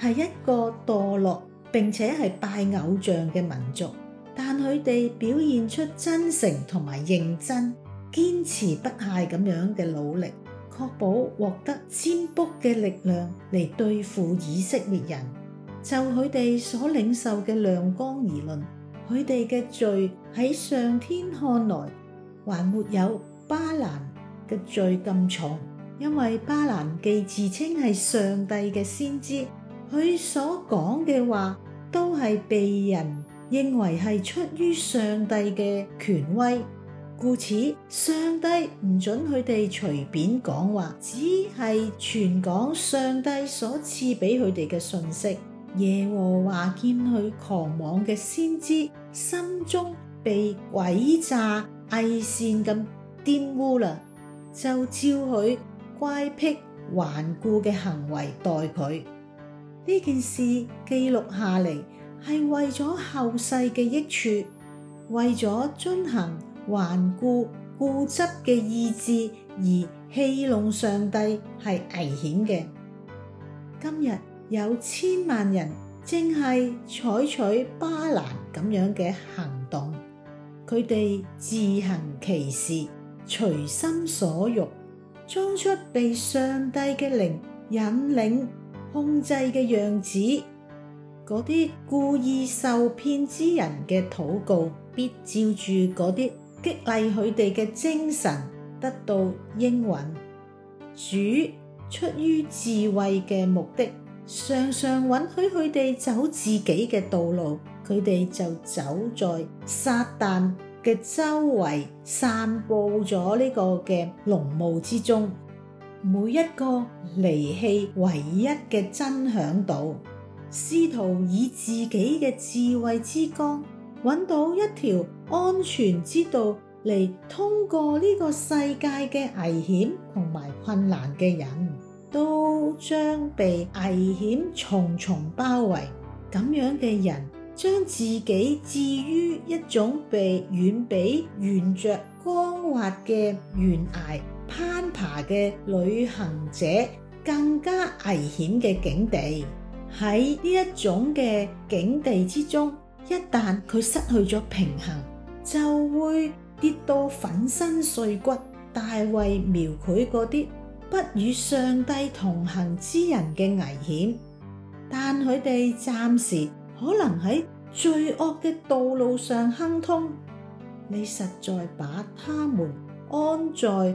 係一個墮落並且係拜偶像嘅民族，但佢哋表現出真誠同埋認真，堅持不懈咁樣嘅努力，確保獲得占卜嘅力量嚟對付以色列人。就佢哋所領受嘅亮光而論，佢哋嘅罪喺上天看來還沒有巴蘭嘅罪咁重，因為巴蘭既自稱係上帝嘅先知。佢所講嘅話都係被人認為係出於上帝嘅權威，故此上帝唔准佢哋隨便講話，只係傳講上帝所賜俾佢哋嘅信息。耶和華見佢狂妄嘅先知，心中被詭詐偽善咁玷污啦，就照佢乖僻頑固嘅行為待佢。呢件事記錄下嚟，係為咗後世嘅益處，為咗遵行頑固固執嘅意志而戲弄上帝係危險嘅。今日有千萬人正係採取巴蘭咁樣嘅行動，佢哋自行其事，隨心所欲，裝出被上帝嘅靈引領控制嘅樣子，嗰啲故意受騙之人嘅禱告，必照住嗰啲激勵佢哋嘅精神得到應允。主出於智慧嘅目的，常常允許佢哋走自己嘅道路，佢哋就走在撒旦嘅周圍散布咗呢個嘅濃霧之中。每一個離棄唯一嘅真嚮導，試圖以自己嘅智慧之光搵到一條安全之道嚟通過呢個世界嘅危險同埋困難嘅人，都將被危險重重包圍。咁樣嘅人將自己置於一種被遠比沿着光滑嘅懸崖攀爬嘅旅行者更加危險嘅境地，喺呢一種嘅境地之中，一旦佢失去咗平衡，就會跌到粉身碎骨。大衛描繪嗰啲不與上帝同行之人嘅危險，但佢哋暫時可能喺罪惡嘅道路上亨通。你實在把他們安在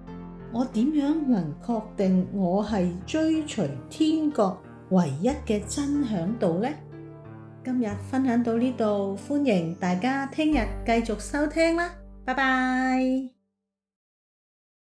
我點樣能確定我係追隨天國唯一嘅真嚮導呢？今日分享到呢度，歡迎大家聽日繼續收聽啦，拜拜。